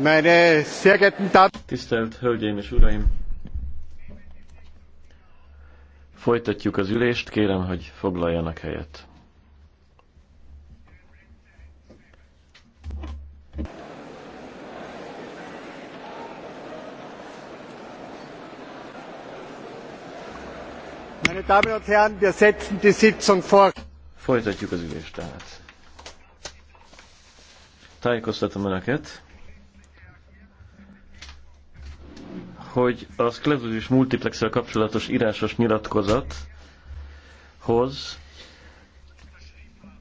Meine sehr geehrten Damen. Tisztelt Hölgyeim és Uraim! Folytatjuk az ülést, kérem, hogy foglaljanak helyet. Meine Damen und Herren, wir setzen die Sitzung fort. Folytatjuk az ülést tehát. Tájékoztatom Önöket, hogy a szklerózis multiplexel kapcsolatos írásos nyilatkozathoz